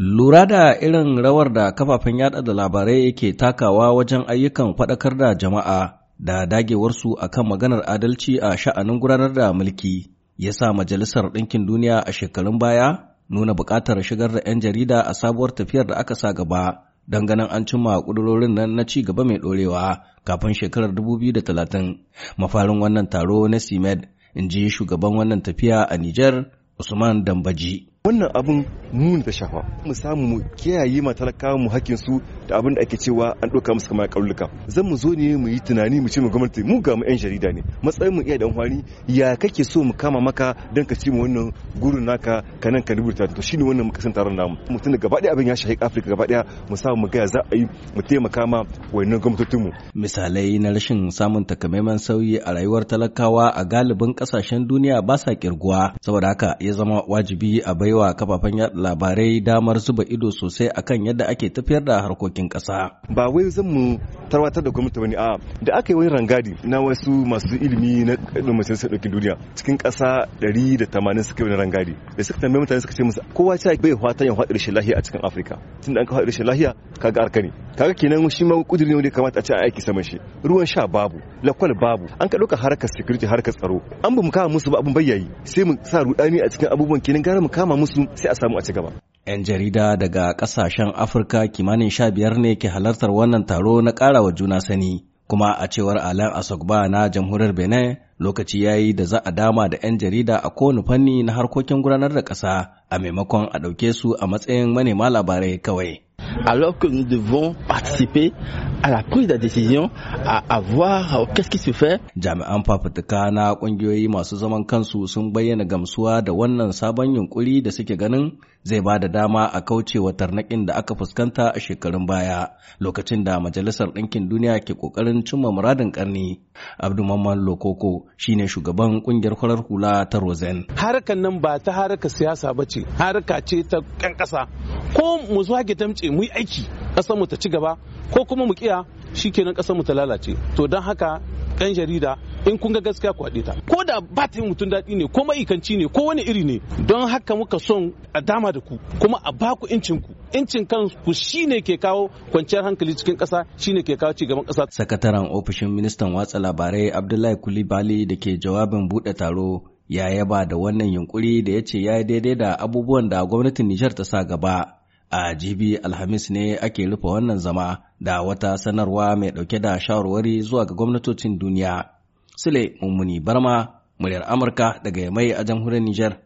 Lura da irin rawar da kafafen yada da labarai yake takawa wajen ayyukan faɗakar da jama'a da dagewarsu a kan maganar adalci a sha'anin gudanar da mulki ya sa Majalisar Ɗinkin Duniya a shekarun baya nuna buƙatar shigar da 'yan jarida a sabuwar tafiyar da aka sa gaba don ganin an cimma ƙudurorin nan na ci gaba mai ɗorewa kafin shekarar 2030 mafarin wannan taro na CIMED in ji shugaban wannan tafiya a Nijar Usman Dambaji. wannan abin mu da shafa mu samu mu kiyaye ma talakawa mu hakkin su da abin da ake cewa an ɗauka musu kamar kaulluka zan mu zo ne mu yi tunani mu ce mu gwamnati mu ga mu 'yan jarida ne matsayin mu iya da amfani ya kake so mu kama maka don ka ci mu wannan gurun naka ka ka rubuta to shine wannan muka san taron namu mutun da gaba abin ya shahi Afirka gaba ɗaya mu samu mu ga za a yi mu taimaka ma wannan gwamnatocin mu misalai na rashin samun takamaiman sauyi a rayuwar talakawa a galibin kasashen duniya ba sa kirguwa saboda haka ya zama wajibi a baiwa baiwa kafafen yada labarai damar zuba ido sosai akan yadda ake tafiyar da harkokin ƙasa. Ba wai zan mu tarwatar da gwamnati bane a da aka yi wani rangadi na wasu masu ilimi na masu ɗaukin duniya cikin ƙasa 180 suka yi wani rangadi da suka tambaye mutane suka ce musu kowa ya bai fatan ya faɗi rashin lahiya a cikin Afirka da an ka faɗi rashin lahiya kaga arkani ne kaga kenan shi ma kudiri ne wanda kamata a ce a aiki saman shi ruwan sha babu lakwal babu an ka ɗauka harkar security harkar tsaro an ba mu kama musu ba abun bayyayi sai mu sa rudani a cikin abubuwan kenan gara mu kama musu sai a samu a ci gaba 'yan jarida daga kasashen afirka kimanin sha biyar ne ke halartar wannan taro na karawa juna sani kuma a cewar alain asogba na jamhuriyar benin lokaci ya yi da za a dama da 'yan jarida a kowane fanni na harkokin gudanar da ƙasa a maimakon a ɗauke su a matsayin manema labarai kawai alors que nous devons participer à la prise de décision à à voir qu'est-ce qui se fait. Jami'an fafutuka na ƙungiyoyi masu zaman kansu sun bayyana gamsuwa da wannan sabon yunkuri da suke ganin zai ba da dama a kaucewa tarnaƙin da aka fuskanta a shekarun baya lokacin da majalisar ɗinkin duniya ke ƙoƙarin cimma muradin ƙarni. Abdulmaman Lokoko shine shugaban ƙungiyar farar hula ta Rosen. Harkar nan ba ta harkar siyasa ba ce, harka ce ta 'yan ƙasa. ko mu zuwa gitamce mu yi aiki ƙasar mu ta ci gaba ko kuma mu kiya shikenan ƙasar mu ta lalace to don haka yan jarida in kun ga gaskiya ku haɗe ta ko da ba ta yi mutum daɗi ne ko maikanci ne ko wani iri ne don haka muka son a dama da ku kuma a ba ku incin ku incin kanku shine ke kawo kwanciyar hankali cikin ƙasa shine ke kawo cigaban ƙasa sakataren ofishin ministan watsa labarai abdullahi kulibali da ke jawabin buɗe taro ya yaba da wannan yunkuri da ya ce ya yi daidai da abubuwan da gwamnatin nijar ta sa gaba a jibi alhamis ne ake rufe wannan zama da wata sanarwa mai ɗauke da shawarwari zuwa ga gwamnatocin duniya sule mummuni barma muryar amurka daga mai a jamhuriyar Nijar.